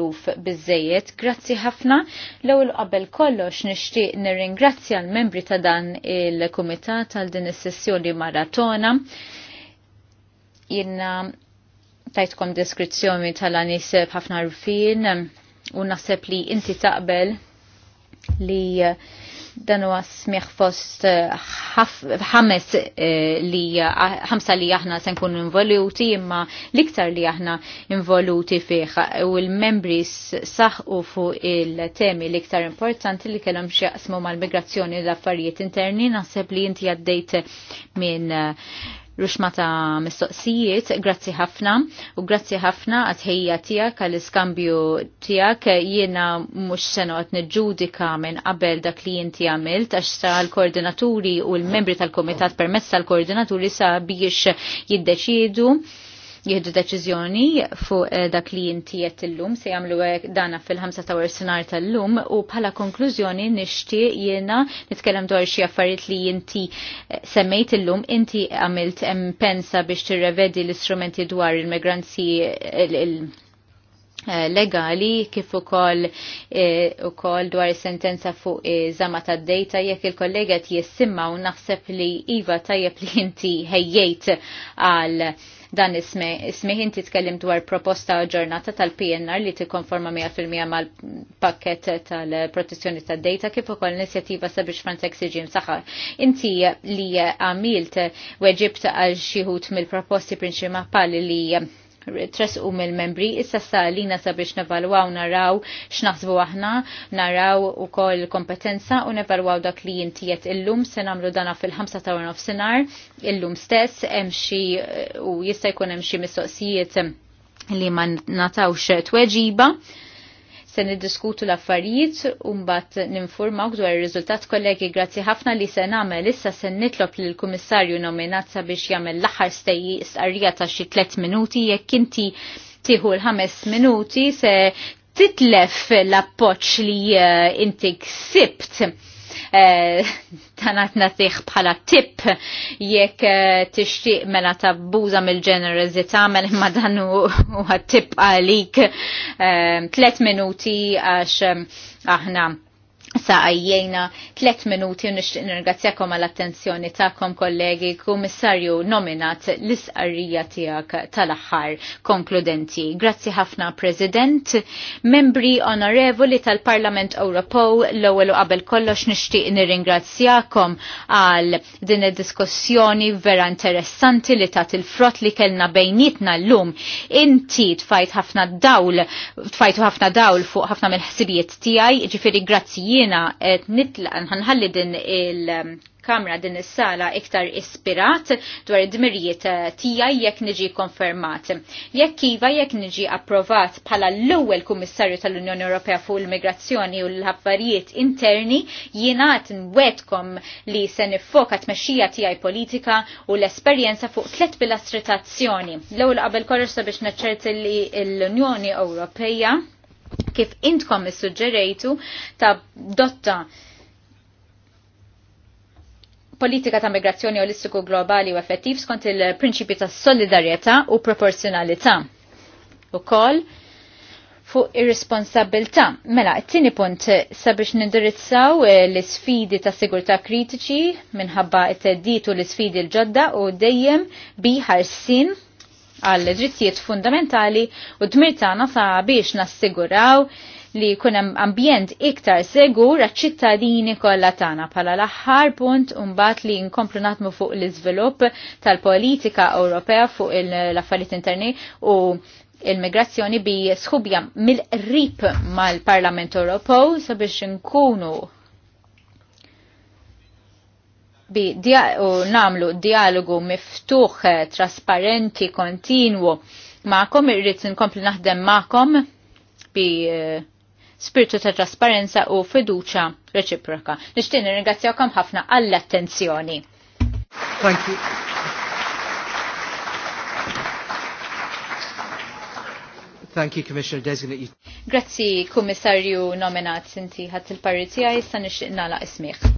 ruf bizzejiet. Grazzi ħafna. L-ewwel qabel kollox nixtieq nirringrazzja l-membri ta' dan il-kumitat għal din is-sessjoni maratona. Jiena tajtkom deskrizzjoni tal-anis ħafna rufin u naħseb li inti taqbel li eh, dan huwa smieħ fost eh, ħames eh, li ħamsa li aħna se nkunu involuti imma l-iktar li aħna involuti fih u l-membri saħqu fuq il-temi l-iktar importanti li kellhom x'jaqsmu mal-migrazzjoni l-affarijiet interni naħseb li inti għaddejt minn ruxma ta' mistoqsijiet, grazzi ħafna u grazzi ħafna għatħija tijak għal-iskambju tijak jiena mux għat nġudika minn qabel dak li jinti għamilt għax tal-koordinaturi u l-membri tal-komitat permessa tal-koordinaturi sa biex jiddeċidu jieħdu deċiżjoni fuq eh, dak li l illum se jagħmlu eh, dana fil-5 senar tal-lum u bħala konklużjoni nixtieq jiena nitkellem dwar xi affarijiet li inti eh, semmejt illum inti għamilt pensa biex tirrevedi l-istrumenti dwar il-migranzi Eh, legali kif ukoll eh, ukoll dwar is-sentenza fuq Zama eh, tad-dejta jekk il-kollega jessimma u naħseb li iva tajjeb li inti ħejjejt għal dan ismi inti tkellim dwar proposta ġurnata tal-PNR li tikkonforma 100% mal-pakket tal-protezzjoni tad-dejta kif ukoll inizjattiva sabiex Frontex iġi msaħħar. Inti li għamilt weġibt għal xi mill-proposti prinċipali li tres u mill-membri, issa salina sabiex nevalwaw naraw x'naħsbu aħna, naraw u kol kompetenza u nevalwaw dak li jintijet illum, se namlu dana fil-5 ta' of sinar, illum stess, emxi u jista' jkun emxi mistoqsijiet li ma natawx tweġiba se niddiskutu l-affarijiet u mbagħad ninfurmaw dwar ir-riżultat kollegi grazzi ħafna li se nagħmel issa se nitlob lill kummissarju nominat sabiex jagħmel l-aħħar stejji istqarrija ta' xi tliet minuti jekk inti tieħu l-ħames minuti se titlef l appoġġ li eh, inti ksibt tanat eh, natiħ bħala tip jekk eh, tixtieq mela tabbuża mill-ġenerozità mela ma dan huwa tip għalik eh, tliet minuti għax aħna Sa għajjena tlet minuti u nishtiq nirgazzjakom għall-attenzjoni ta'kom kollegi kummissarju nominat l-isqarrija tijak tal-axħar konkludenti. Grazzi ħafna President, membri onorevoli tal-Parlament Ewropew l-ewwel u qabel kollox nixtieq nirringrazzjakom għal din id-diskussjoni vera interessanti li tat il-frott li kellna bejnietna llum. Inti tfajt ħafna dawl, tfajtu ħafna dawl fuq ħafna mill-ħsibijiet tiegħi, ġifiri grazzi jiena qed nitlaq nħanħalli din il-kamra din is-sala iktar ispirat dwar id-dmirijiet eh, tiegħi jekk niġi konfermat. Jekk iva jekk niġi approvat bħala l-ewwel Kummissarju tal-Unjoni Ewropea fuq il-Migrazzjoni u l-affarijiet interni, jiena qed nwedkom li se nifoka tmexxija tiegħi politika u l-esperjenza fuq tliet pilastri tazzjoni. L-ewwel qabel kollox sabiex naċċerti li l-Unjoni Ewropea kif intkom issuġġerejtu ta' dotta politika ta' migrazzjoni olistiku globali u effettiv skont il-prinċipi ta' solidarjetà u proporzjonalità. Ukoll fuq ir-responsabilità. Mela, t tieni punt sabiex nindirizzaw eh, l-isfidi ta' sigurtà kritiċi minħabba t teddit u l-isfidi l-ġodda u dejjem biħarsin għal drittijiet fundamentali u dmir tagħna ta' biex nassiguraw li kun ambjent iktar segur għal ċittadini kollha tagħna bħala l-aħħar punt u mbagħad li nkomplu naħdmu fuq l-iżvilupp tal-politika Ewropea fuq l-affarijiet interni u il-migrazzjoni bi sħubja mill-rip mal-Parlament Ewropew sabiex nkunu bi u namlu dialogu miftuħ, eh, trasparenti, kontinwu ma'kom, irrid nkompli naħdem ma'kom bi eh, spiritu ta' trasparenza u fiduċa reċiproka. Nixtieq nirringrazzjawkom ħafna għall-attenzjoni. Thank you. Thank you, Commissioner Designate. Grazzi, Kummissarju nominat sinti ħadd il-parri tiegħi sa nixtieq nagħlaq ismih.